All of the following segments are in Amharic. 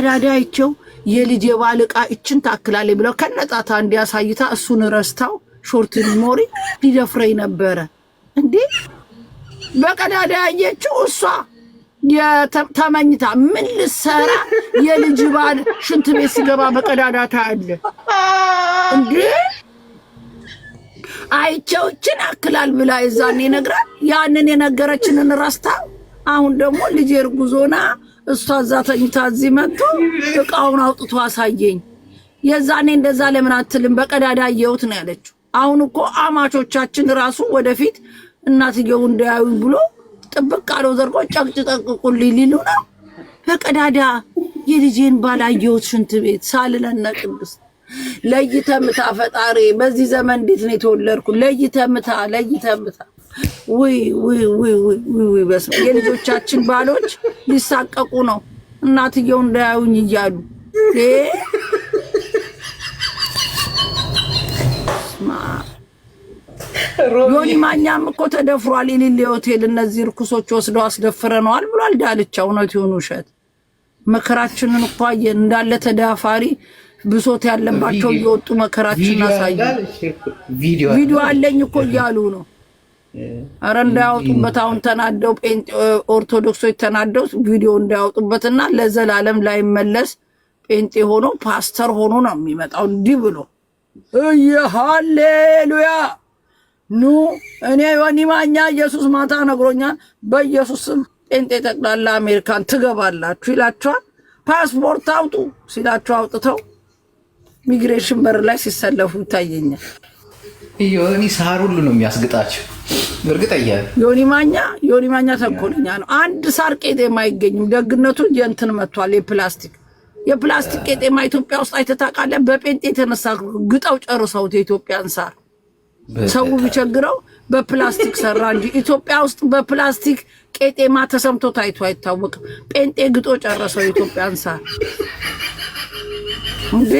ቀዳዳ አይቸው የልጅ የባል እቃ እችን ታክላል ብለው ከነጣታ እንዲያሳይታ እሱን ረስታው ሾርት ሞሪ ሊደፍረኝ ነበረ እንዴ በቀዳዳ እሷ ተመኝታ ምን ልሰራ የልጅ ባል ሽንት ቤት ሲገባ በቀዳዳ ታያለ እንዴ አይቼው እችን አክላል ብላ የዛን ነግራል። ያንን የነገረችንን ረስታ አሁን ደግሞ ልጅ እርጉዞና እሷ እዛ ተኝታ እዚህ መጥቶ እቃውን አውጥቶ አሳየኝ። የዛኔ እንደዛ ለምን አትልም? በቀዳዳ አየሁት ነው ያለችው። አሁን እኮ አማቾቻችን ራሱ ወደፊት እናትየው እንዳያዩ ብሎ ጥብቅ ቃለው ዘርቆ ጨቅጭጠቅቁልኝ ሊሉ ነው። በቀዳዳ የልጄን ባል ሽንት ቤት ሳልለነ ቅዱስ ለይተምታ ፈጣሪ፣ በዚህ ዘመን እንዴት ነው የተወለድኩ? ለይተምታ ለይተምታ ውይ ውይ ውይ ውይ ውይ የልጆቻችን ባሎች ሊሳቀቁ ነው። እናትየው እንዳያዩኝ እያሉ ዮኒ ማኛም እኮ ተደፍሯል። የሌለ ሆቴል እነዚህ እርኩሶች ወስደው አስደፍረነዋል ብሏል። ዳልቻ እውነት ይሁን ውሸት መከራችንን እኮ አየን። እንዳለ ተዳፋሪ ብሶት ያለባቸው እየወጡ መከራችንን አሳዩ። ቪዲዮ አለኝ እኮ እያሉ ነው አረ እንዳያወጡበት አሁን ተናደው ኦርቶዶክሶች ተናደው ቪዲዮ እንዳያወጡበትና ለዘላለም ላይመለስ ጴንጤ ሆኖ ፓስተር ሆኖ ነው የሚመጣው። እንዲህ ብሎ ሃሌሉያ ኑ እኔ ዮኒ ማኛ ኢየሱስ ማታ ነግሮኛል። በኢየሱስም ጴንጤ ጠቅላላ አሜሪካን ትገባላችሁ ይላችኋል። ፓስፖርት አውጡ ሲላችሁ አውጥተው ሚግሬሽን በር ላይ ሲሰለፉ ይታየኛል። እኔ ሳር ሁሉ ነው የሚያስግጣቸው። እርግጠኛ ዮኒ ማኛ ዮኒ ማኛ ተንኮለኛ ነው። አንድ ሳር ቄጤማ አይገኝም። ደግነቱ የእንትን መጥቷል። የፕላስቲክ የፕላስቲክ ቄጤማ ኢትዮጵያ ውስጥ አይተታቃለ። በጴንጤ የተነሳ ግጠው ጨርሰውት የኢትዮጵያን ሳር ሰው ቢቸግረው በፕላስቲክ ሰራ እንጂ ኢትዮጵያ ውስጥ በፕላስቲክ ቄጤማ ተሰምቶ ታይቶ አይታወቅም። ጴንጤ ግጦ ጨረሰው የኢትዮጵያን ሳር እንዴ!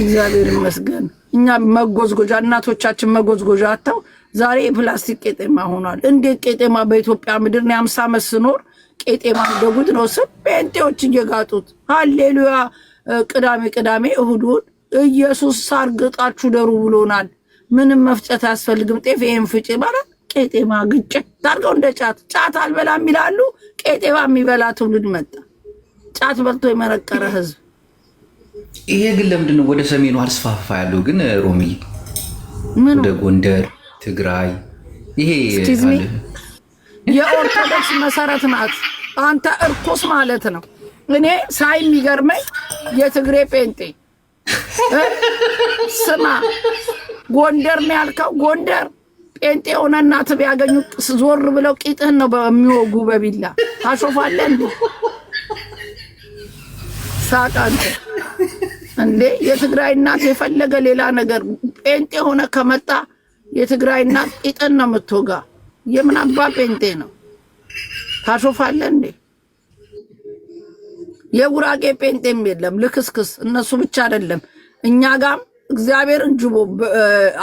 እግዚአብሔር ይመስገን። እኛ መጎዝጎዣ እናቶቻችን መጎዝጎዣ አተው ዛሬ የፕላስቲክ ቄጤማ ሆኗል። እንዴት ቄጤማ በኢትዮጵያ ምድር ነው? የአምሳ ዓመት ስኖር ቄጤማ እንደጉድ ነው ስብ ጴንጤዎች እየጋጡት ሀሌሉያ ቅዳሜ ቅዳሜ እሁዱን ኢየሱስ ሳር ግጣችሁ ደሩ ብሎናል። ምንም መፍጨት አያስፈልግም። ጤፍ ይህም ፍጭ ይባላል። ቄጤማ ግጭ ታርገው እንደ ጫት ጫት አልበላም ይላሉ። ቄጤማ የሚበላ ትውልድ መጣ። ጫት በልቶ የመረቀረ ህዝብ ይሄ ግን ለምንድን ነው ወደ ሰሜኑ አልስፋፋ ያለው? ግን ሮሚ ወደ ጎንደር፣ ትግራይ ይሄ የኦርቶዶክስ መሰረት ናት። አንተ እርኩስ ማለት ነው። እኔ ሳይ የሚገርመኝ የትግሬ ጴንጤ ስማ፣ ጎንደር ነው ያልከው። ጎንደር ጴንጤ የሆነ እናት ቢያገኙ ዞር ብለው ቂጥህን ነው በሚወጉ በቢላ ታሾፋለህ። እንዲ ሳቃንቴ እንዴ የትግራይ እናት የፈለገ ሌላ ነገር ጴንጤ ሆነ ከመጣ የትግራይ እናት ቂጥን ነው የምትወጋ። የምን አባ ጴንጤ ነው ታሾፋለ እንዴ? የጉራጌ ጴንጤም የለም ልክስክስ። እነሱ ብቻ አይደለም እኛ ጋም እግዚአብሔር እንጅቦ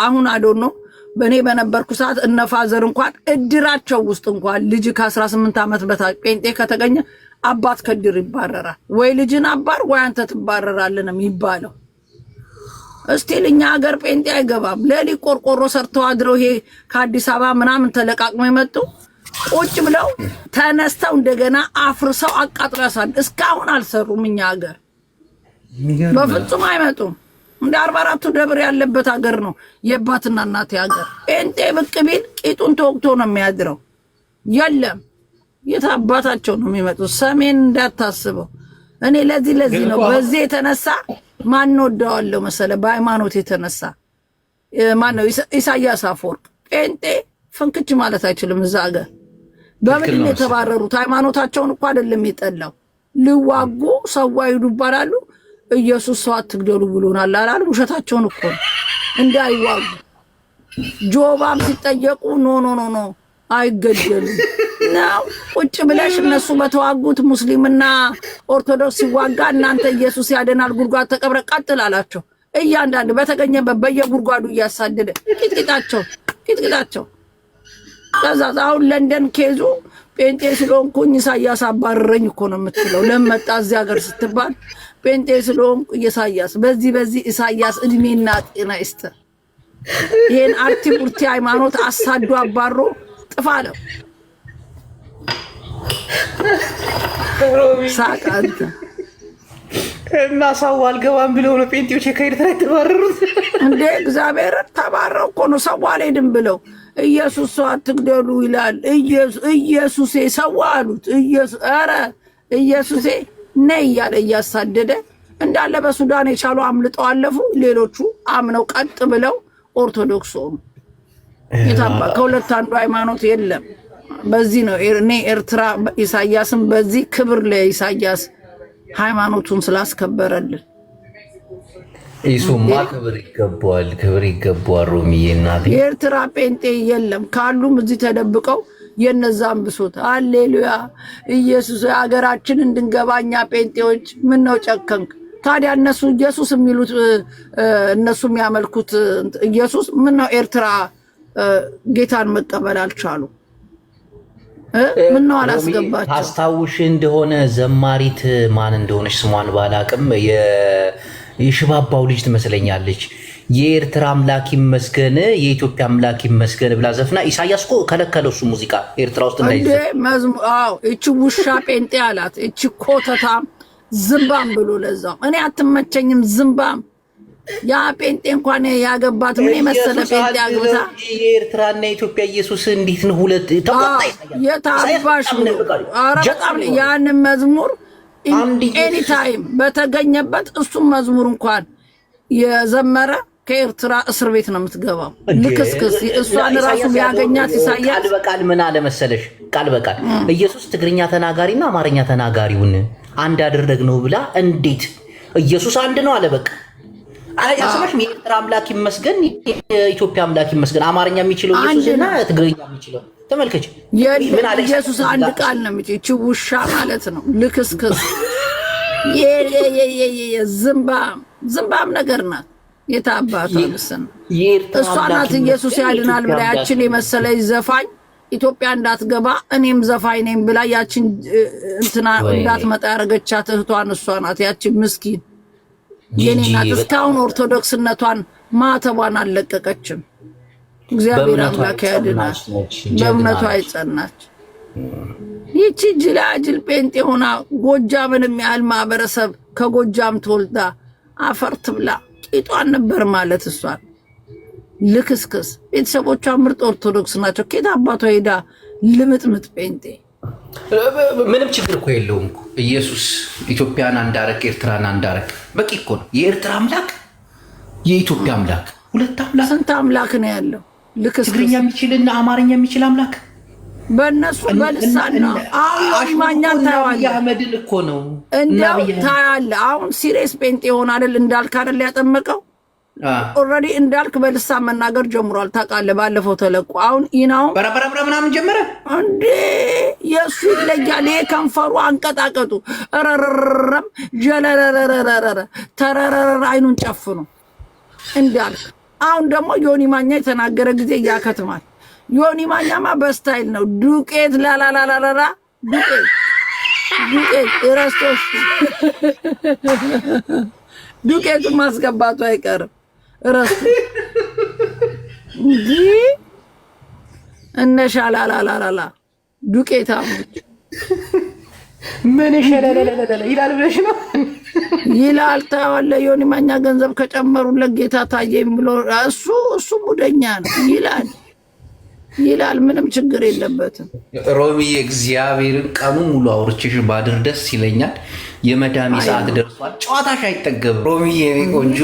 አሁን አዶ ነው። በእኔ በነበርኩ ሰዓት እነፋዘር እንኳን እድራቸው ውስጥ እንኳን ልጅ ከ18 ዓመት በታች ጴንጤ ከተገኘ አባት ከድር ይባረራል። ወይ ልጅን አባር ወይ አንተ ትባረራለህ ነው የሚባለው። እስቲ እኛ ሀገር ጴንጤ አይገባም። ሌሊት ቆርቆሮ ሰርተው አድረው ይሄ ከአዲስ አበባ ምናምን ተለቃቅመው የመጡ ቁጭ ብለው ተነስተው እንደገና አፍርሰው አቃጥለሳል። እስካሁን አልሰሩም። እኛ ሀገር በፍጹም አይመጡም። እንደ አርባ አራቱ ደብር ያለበት ሀገር ነው የባትና እናቴ ሀገር። ጴንጤ ብቅ ቢል ቂጡን ተወቅቶ ነው የሚያድረው። የለም የት አባታቸው ነው የሚመጡት? ሰሜን እንዳታስበው። እኔ ለዚህ ለዚህ ነው በዚህ የተነሳ ማን ወደዋለሁ መሰለ በሃይማኖት የተነሳ ማን ነው ኢሳያስ አፈወርቅ ጴንጤ ፍንክች ማለት አይችልም። እዛ ሀገር በምንድን የተባረሩት? ሃይማኖታቸውን እኮ አይደለም የጠላው ሊዋጉ ሰው አይዱ ይባላሉ። ኢየሱስ ሰው አትግደሉ ብሎናል አላሉ። ውሸታቸውን እኮ ነው እንዳይዋጉ። ጆባም ሲጠየቁ ኖ ኖ ኖ ኖ አይገደሉም ነው ቁጭ ብለሽ እነሱ በተዋጉት ሙስሊምና ኦርቶዶክስ ሲዋጋ እናንተ ኢየሱስ ያደናል ጉድጓድ ተቀብረ ቀጥል አላቸው። እያንዳንድ በተገኘበት በየጉድጓዱ እያሳደደ ቂጥቂጣቸው ቂጥቂጣቸው ከዛዛ አሁን ለንደን ኬዙ ጴንጤ ስለሆንኩኝ ኢሳያስ አባረረኝ እኮ ነው የምትለው። ለመጣ እዚህ ሀገር ስትባል ጴንጤ ስለሆንኩ ኢሳያስ በዚህ በዚህ ኢሳያስ እድሜና ጤና ይስጥ። ይህን አርቲ ቡርቲ ሃይማኖት አሳዱ አባሮ ጥፋ ነው። እና ሰው አልገባም ብለው ነው ጴንጤዎች ከኤርትራ የተባረሩት። እግዚአብሔር ተባረው እኮ ነው ሰው አልሄድም ብለው ኢየሱስ ሰው አትግደሉ ይላል። ኢየሱሴ ሰው አሉት። ኧረ ኢየሱሴ ነ እያለ እያሳደደ እንዳለ በሱዳን የቻሉ አምልጠው አለፉ። ሌሎቹ አምነው ቀጥ ብለው ኦርቶዶክስ ሆኑ። ከሁለት አንዱ ሃይማኖት የለም። በዚህ ነው እኔ ኤርትራ ኢሳያስን በዚህ ክብር ለኢሳያስ ሃይማኖቱን ስላስከበረልን ኢሱማ ክብር ይገባዋል፣ ክብር ይገባዋል። ሮሚዬ እናቴ የኤርትራ ጴንጤ የለም ካሉም እዚህ ተደብቀው የነዛን ብሶት አሌሉያ ኢየሱስ ሀገራችን እንድንገባኛ ጴንጤዎች ምን ነው ጨከንክ? ታዲያ እነሱ ኢየሱስ የሚሉት እነሱ የሚያመልኩት ኢየሱስ ምን ነው ኤርትራ ጌታን መቀበል አልቻሉ? ምነው አላስገባቸው። ታስታውሽ እንደሆነ ዘማሪት ማን እንደሆነች ስሟን ባላቅም የሽባባው ልጅ ትመስለኛለች። የኤርትራ አምላክ ይመስገን የኢትዮጵያ አምላክ ይመስገን ብላ ዘፍና፣ ኢሳያስ እኮ ከለከለው እሱ ሙዚቃ ኤርትራ ውስጥ እንዳይዘፍ። እቺ ውሻ ጴንጤ አላት። እቺ ኮተታም ዝምባም ብሎ ለዛው እኔ አትመቸኝም ዝምባም ያ ጴንጤ እንኳን ያገባት ምን የመሰለ ጴንጤ አግብታ የኤርትራና የኢትዮጵያ ኢየሱስ እንዴት ነው ሁለት ተቆጣይ የታባሽ ኧረ በጣም ያንን መዝሙር ኤኒታይም በተገኘበት እሱም መዝሙር እንኳን የዘመረ ከኤርትራ እስር ቤት ነው የምትገባው። ልክስክስ እሷን ራሱ ያገኛት ይሳያል። ቃል በቃል ምን አለመሰለሽ፣ ቃል በቃል ኢየሱስ ትግርኛ ተናጋሪና አማርኛ ተናጋሪውን አንድ አደረግነው ብላ እንዴት ኢየሱስ አንድ ነው አለበቃ ያሰበሽ የኤርትራ አምላክ ይመስገን፣ የኢትዮጵያ አምላክ ይመስገን። አማርኛ የሚችለው ኢየሱስ እና ትግርኛ የሚችለው ተመልከች። ኢየሱስ አንድ ቃል ነው የሚ ውሻ ማለት ነው። ልክስክስ ዝምባም ዝምባም ነገር ናት። የታባቱ ልስን እሷ ናት ኢየሱስ ያድናል ብላ ያችን የመሰለች ዘፋኝ ኢትዮጵያ እንዳትገባ እኔም ዘፋኝ ነኝ ብላ ያችን እንትና እንዳትመጣ ያደረገቻት እህቷን እሷ ናት። ያችን ምስኪን የኔ እስካሁን ኦርቶዶክስነቷን ማተቧን አልለቀቀችም። እግዚአብሔር አምላክ ያድናት። በእምነቱ አይጸናች። ይቺ ጅላጅል ጴንጥ ጴንጤ ሆና ጎጃምንም ያህል ማህበረሰብ ከጎጃም ተወልዳ አፈር ትብላ። ቂጧን ነበር ማለት እሷን ልክስክስ። ቤተሰቦቿ ምርጥ ኦርቶዶክስ ናቸው። ኬት አባቷ ሄዳ ልምጥምጥ ጴንጤ ምንም ችግር እኮ የለውም ኢየሱስ ኢትዮጵያን አንዳረግ ኤርትራን አንዳረግ በቂ እኮ ነው። የኤርትራ አምላክ የኢትዮጵያ አምላክ ሁለት አምላክ ስንት አምላክ ነው ያለው? ልክ ትግርኛ የሚችልና አማርኛ የሚችል አምላክ በእነሱ በልሳን ነው። አሁን አሽማኛን ታያዋለህ፣ እኮ ነው እንደው ታያለህ። አሁን ሲሬስ ጴንጤ የሆን አይደል እንዳልክ አይደል ያጠመቀው ኦልሬዲ እንዳልክ በልሳን መናገር ጀምሯል። ታውቃለህ፣ ባለፈው ተለቁ። አሁን ይናው በረበረብረ ምናምን ጀመረ እንዴ የ ከሱ ይለያል። ይሄ ከንፈሩ አንቀጣቀጡ ረረረረም ጀለረረረረ ተረረረረ አይኑን ጨፍኖ እንዳል። አሁን ደግሞ ዮኒ ማኛ የተናገረ ጊዜ እያከትማል። ዮኒ ማኛማ በስታይል ነው ዱቄት ላላላላላ ዱቄት ዱቄት ረስቶሽ ዱቄቱ ማስገባቱ አይቀርም። ረስቶ እንጂ እነሻላላላላላ ዱቄታሞች ምን ሸለለለለለ ይላል ብለሽ ነው ይላል። ታዋለህ ዮኒ ማኛ ገንዘብ ከጨመሩለት ጌታ ታየኝ ብሎ እሱ እሱ ሙደኛ ነው ይላል ይላል። ምንም ችግር የለበትም። ሮሚ እግዚአብሔርን ቀኑ ሙሉ አውርቼሽ ባድር ደስ ይለኛል። የመዳሜ ሰዓት ደርሷል። ጨዋታሽ አይጠገብም ሮሚ ቆንጆ